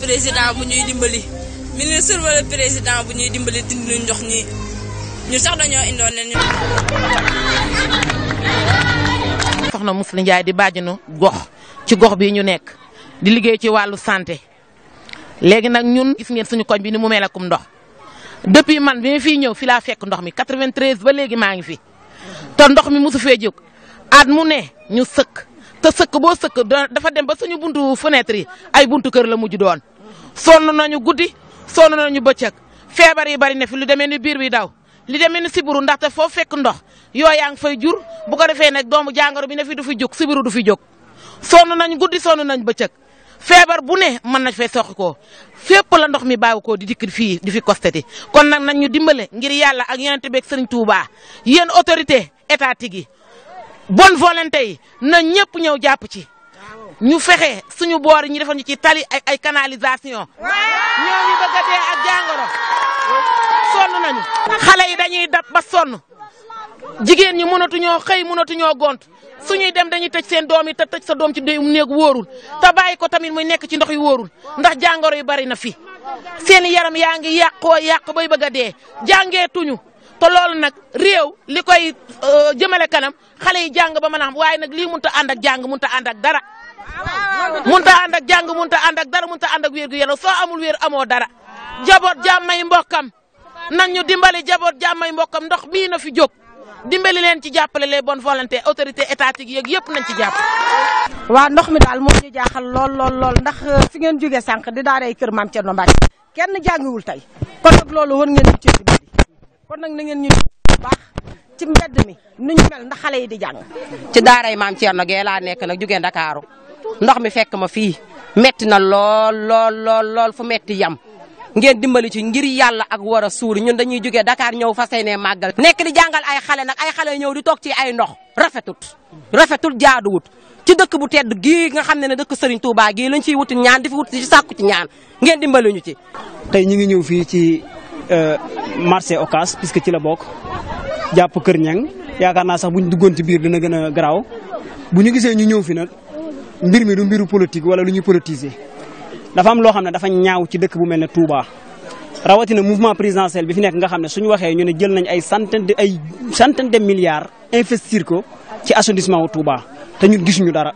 président bu ñuy dimbali ministre wala président bu ñuy dimbali dindi ndox ñi ñu sax dañoo indoon ne ñu. soxna Mously Ndiaye di bàjjenu gox ci gox bi ñu nekk di liggéey ci wàllu santé léegi nag ñun gis ngeen suñu koñ bi ni mu mel akum ndox depuis man bi ma ñëw fi laa fekk ndox mi 93 ba léegi maa ngi fi to ndox mi mosu fee jóg aat mu ne ñu sëkk te sëkk boo sëkk dafa dem ba suñu buntu fenêtre yi ay buntu kër la mujj doon. sonn nañu guddi sonn nañu bëccëg feebar yi bari na fi lu demee ni biir bi daw li demee ni sibiru ndaxte foofu fekk ndox yoo yaa ngi fay jur bu ko defee nag doomu jàngoro bi ne fi du fi jóg sibiru du fi jóg sonn nañ guddi sonn nañ bëccëg feebar bu ne mën na fay soqi koo fépp la ndox mi baaw koo di dikk fii di fi costati kon nag nañ ñu dimbale ngir yàlla ak yenente beeg sëriñ Touba yéen autorité étatique yi bon volonté yi na ñëpp ñëw jàpp ci ñu fexe suñu boor yi ñu defal ci tali ay ay canalisation ñoo ngi bëgg a dee ak jàngoro sonn nañu. xale yi dañuy dab ba sonn jigéen ñi mënatuñoo xëy mënatuñoo gont suñuy dem dañuy tëj seen doom yi te tëj sa doom ci déyum néeg wóorul te bàyyi ko tamit muy nekk ci ndox yu wóorul ndax jàngoro yi bari na fi seen yaram yaa ngi yàqoo yàq bay bëgg a dee jàngeetuñu te loolu nag réew li koy euh, jëmale kanam xale yi jàng ba ma a xam waaye nag lii mënut a ànd ak jàng mënut a dara. mënut a ànd ak jàng mënut ànd ak dara mënut a ànd ak wér gu yaram soo amul wér amoo dara. jaboot jàmmay mbokkam nan ñu dimbali jaboot jàmmay mbokkam ndox mii na fi jóg dimbali leen ci jàppale les bonnes volontés autorités étatiques yeeg yëpp nañ ci jàpp. waaw ndox mi daal moo ñu jaaxal lool lool lool ndax euh, fi ngeen jógee sànq di daaray kër maam Thierno Mbacke kenn jàngiwul tey kon nag na ngeen ñu baax ci mbedd mi nu ñu mel ndax xale yi di jàng. ci daaray maam Thierno Gueye laa nekk nag jugee Ndakaaru ndox mi fekk ma fii metti na lool lool lool lool fu metti yam ngeen dimbali ci ngir yàlla ak wara a suur ñun dañuy jugee Dakar ñëw fas yéenee màggal. nekk di jàngal ay xale nag ay xale ñëw di toog ci ay ndox rafetut rafetut jaaduwut ci dëkk bu tedd gi nga xam ne ne dëkk Serigne Touba gii lañ ciy wuti ñaan di fi wut ci sàkku ci ñaan ngeen dimbali ci. ñu ngi ñëw fii ci Euh, marché Ocass puisque ci la bokk jàpp Kër Ñang yaakaar naa sax bu ñu duggoon ci biir dina gën a garaaw bu ñu gisee ñu ñëw fi nag mbir mi du mbiru politique wala lu ñu politiser dafa am loo xam ne dafa ñaaw ci dëkk bu mel ne Touba. rawatina mouvement présidentiel bi fi nekk nga xam ne suñu waxee ñu ne jël nañ ay centaine de ay centaine de milliards investir ko ci assainissement wu Touba te ñun gisuñu dara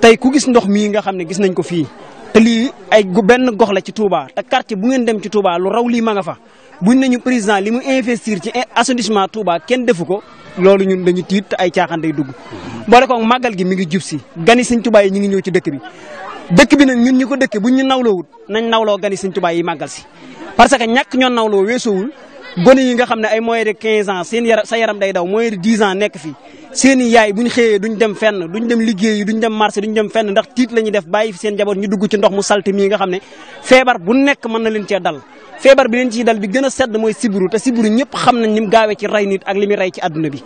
tey ku gis ndox mii nga xam ne gis nañ ko fii. te lii ay benn gox la ci Touba te quartier bu ngeen dem ci Touba lu raw lii ma nga fa buñ nañu président li mu investir ci assainissement Touba kenn defu ko loolu ñun dañu tiit te ay caaxaan day dugg. boole ko màggal gi mi ngi jub si gani Sëñ Touba yi ñu ngi ñëw ci dëkk bi dëkk bi na ñun ñu ko dëkk buñ ñu nawloowut nañ nawloo gani Sëñ Touba yi màggal si. parce que ñàkk ñoo nawloo wul gone yi nga xam ne ay moyen de 15 ans seen sa yaram day daw moyen di 10 nekk fii. seeni yaay buñ xëyee duñ dem fenn duñ dem liggéeyi duñ dem marché duñ dem fenn ndax tiit la ñuy def bàyyi fi seen njaboot ñu dugg ci ndox mu salte mii nga xam ne feebar bu nekk mën na leen cee dal feebar bi leen ciy dal bi gën a sedd mooy siburu te siburu ñëpp xam nañ ni mu gaawee ci rey nit ak li muy rey ci àdduna bi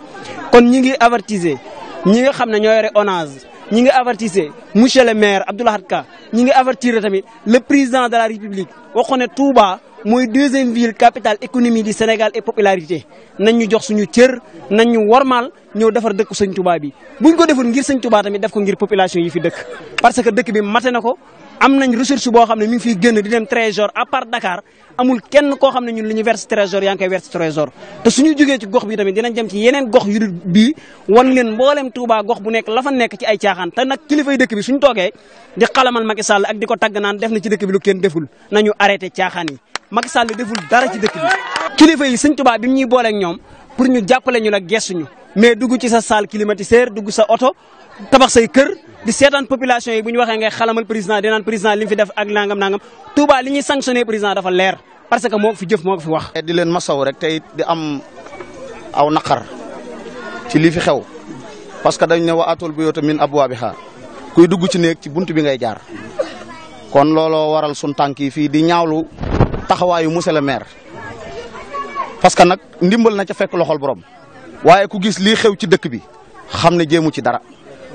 kon ñi ngi avertiser ñi nga xam ne ñoo yore onage ñi ngi avertissé monsieur le maire Abdou Lahad Ka ñi ngi avertir tamit le président de la république waxoon ne Touba mooy deuxième ville capitale économie du Sénégal et popularité nañ ñu jox suñu cër nañ ñu wormaal ñëw defar dëkk sëñ Touba bi buñ ko defoon ngir sëñ Touba tamit def ko ngir population yi fi dëkk parce que dëkk bi mate na ko am nañ ressource boo xam ne mi ngi fiy génn di dem trésor à part Dakar amul kenn koo xam ne ñun li ñu verse trésor yaa ngi koy verse trésor te suñu jógee ci gox bi tamit dinañ dem ci yeneen gox yu bii wan leen mbooleem Touba gox bu nekk la fa nekk ci ay caaxaan te nag kilifay dëkk bi suñu toogee di xalamal Macky Sall ak di ko tagg naan def na ci dëkk bi lu kenn deful nañu arrêté caaxaan yi Macky Sall deful dara ci dëkk bi kilifa yi sëñ Touba bi ñuy booleeg ñoom pour ñu jàppale ñu la gestuñu mais dugg ci sa salle climatiseur dugg sa oto tabax say kër di seetaan population yi bu ñu waxee nga xalamal président di naan président li mu fi def ak nangam nangam Touba li ñuy sanctionné président dafa leer parce que moo ko fi jëf moo ko fi wax. Eh, di leen masaw rek tey di am aw naqar ci li fi xew parce que dañ ne wa atul buyuuta min abwaabihaa kuy dugg ci néeg ci bunt bi ngay jaar kon looloo waral sun tànk yi fii di ñaawlu taxawaayu monsieur le maire parce que nag ndimbal na ca fekk loxol borom waaye ku gis lii xew ci dëkk bi xam ne jéemu ci dara.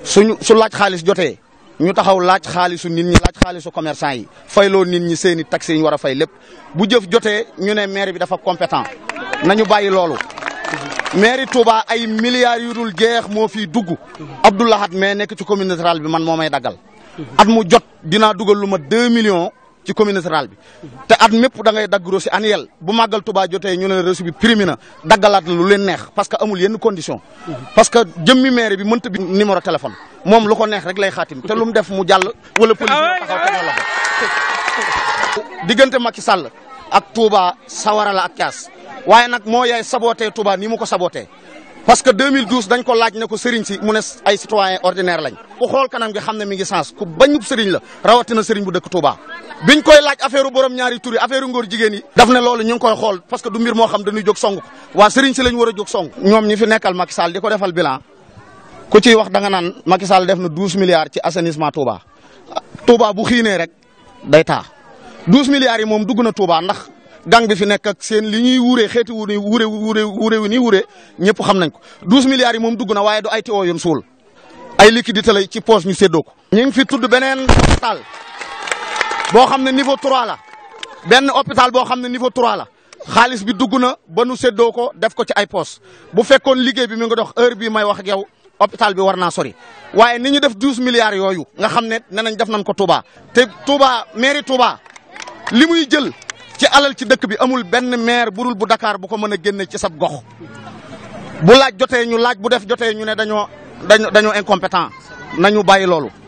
suñu su laaj xaalis jotee ñu taxaw laaj xaalisu nit ñi laaj xaalisu commerçant yi fay fayloo nit ñi seeni i taxes war a fay lépp bu jëf jotee ñu ne maire bi dafa compétent nañu bàyyi loolu. mairie Touba ay milliards yu dul jeex moo fiy dugg Abdou Lahad mais nekk ci commune rurale bi man moo may daggal. at mu jot dinaa dugal lu ma 2 millions. ci commune rurale bi te at mépp da ngay dagg reçu annuel bu màggal Tuubaa jotee ñu ne reçu bi primé na daggalaat la lu neex parce que amul yenn condition parce que jëmmi maire bi mënta bi numéro téléphone moom lu ko neex rek lay xaatim te lu mu def mu jàll wala police diggante Macky Sall ak Touba sawara ak caas waaye nag moo yaay sabootee Touba ni mu ko sabootee parce que 2012 dañ ko laaj ne ko sëriñ si mu ne ay citoyen ordinaire lañ ku xool kanam gi xam ne mi ngi sens ku bañub sëriñ la rawatina sëriñ bu dëkk Touba. biñ koy laaj affaire borom ñaari tur yi ngoor ngóor jigéen yi. daf ne loolu ñu ngi koy xool parce que du mbir moo xam dañuy jóg song waa sëriñ si lañ war a jóg song. ñoom ñi fi nekkal Macky Sall di ko defal bilan ku ciy wax da nga naan Macky Sall def na 12 milliards ci assainissement Touba Touba bu xiinee rek day taa 12 milliards yi moom dugg na Touba ndax. gang bi fi nekk ak seen li ñuy wuuree xeeti wu wuure wuure wuure wi nii wuure ñëpp xam nañ ko 12 milliards yi moom dugg na waaye du ay tiwo yoon suul ay liquidité lay ci poche ñu séddoo ko. ñu ngi fi tudd beneen hôpital boo xam ne niveau 3 la benn hôpital boo xam ne niveau 3 la xaalis bi dugg na ba nu séddoo ko def ko ci ay poche bu fekkoon liggéey bi mu ngi dox heure bii may wax ak yow. bi war naa sori waaye ni ñu def douze milliards yooyu nga xam ne nee nañ def nañ ko Touba te Touba mairie Touba li muy jël ci alal ci dëkk bi amul benn maire burul bu Dakar bu ko mën a génne ci sab gox bu laaj jotee ñu laaj bu def jote ñu ne dañoo dañoo dañoo incompétent nañu bàyyi loolu.